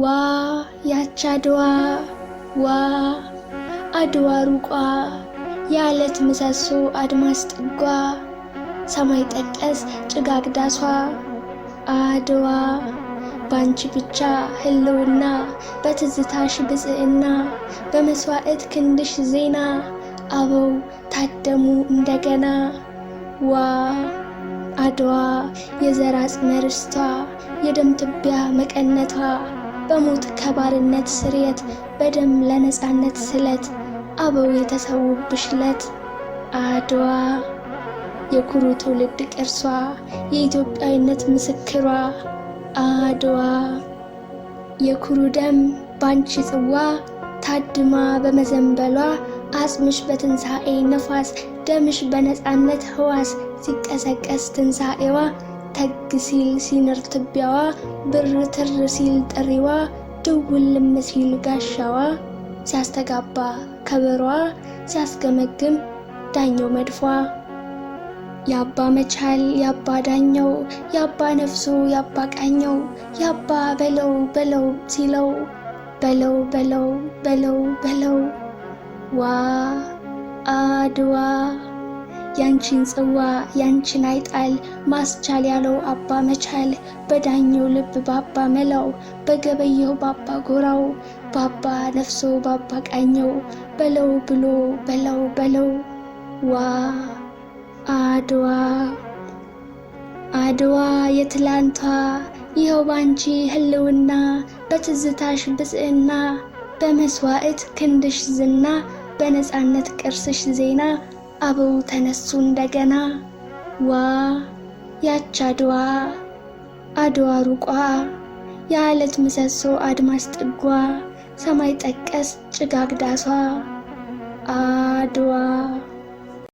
ዋ ያች አድዋ ዋ አድዋ ሩቋ የአለት ምሰሶ አድማስ ጥጓ ሰማይ ጠቀስ ጭጋግ ዳሷ አድዋ ባንቺ ብቻ ህልውና በትዝታሽ ብፅዕና በመስዋዕት ክንድሽ ዜና አበው ታደሙ እንደገና ዋ አድዋ የዘር አጽመ ርስቷ የደም ትቢያ መቀነቷ በሞት ከባርነት ስርየት በደም ለነፃነት ስለት አበው የተሰውብሽ አድዋ የኩሩ ትውልድ ቅርሷ የኢትዮጵያዊነት ምስክሯ አድዋ የኩሩ ደም ባንቺ ጽዋ ታድማ በመዘንበሏ አጽምሽ በትንሣኤ ነፋስ ደምሽ በነፃነት ህዋስ ሲቀሰቀስ ትንሣኤዋ ተግ ሲል ሲንር ትቢያዋ ብር ትር ሲል ጥሪዋ ድውልም ሲል ጋሻዋ ሲያስተጋባ ከበሯ ሲያስገመግም ዳኘው መድፏ የአባ መቻል የአባ ዳኛው። የአባ ነፍሱ የአባ ቃኘው የአባ በለው በለው ሲለው በለው በለው በለው በለው ዋ አድዋ ያንቺን ጽዋ ያንቺን አይጣል ማስቻል ያለው አባ መቻል በዳኘው ልብ ባባ መላው በገበየው ባባ ጎራው ባባ ነፍሶ ባባ ቃኘው በለው ብሎ በለው በለው ዋ አድዋ አድዋ የትላንቷ ይኸው ባንቺ ህልውና በትዝታሽ ብፅዕና በመስዋዕት ክንድሽ ዝና በነፃነት ቅርስሽ ዜና አበው ተነሱ እንደገና። ዋ ያች አድዋ አድዋ ሩቋ የዓለት ምሰሶ አድማስ ጥጓ ሰማይ ጠቀስ ጭጋግ ዳሷ አድዋ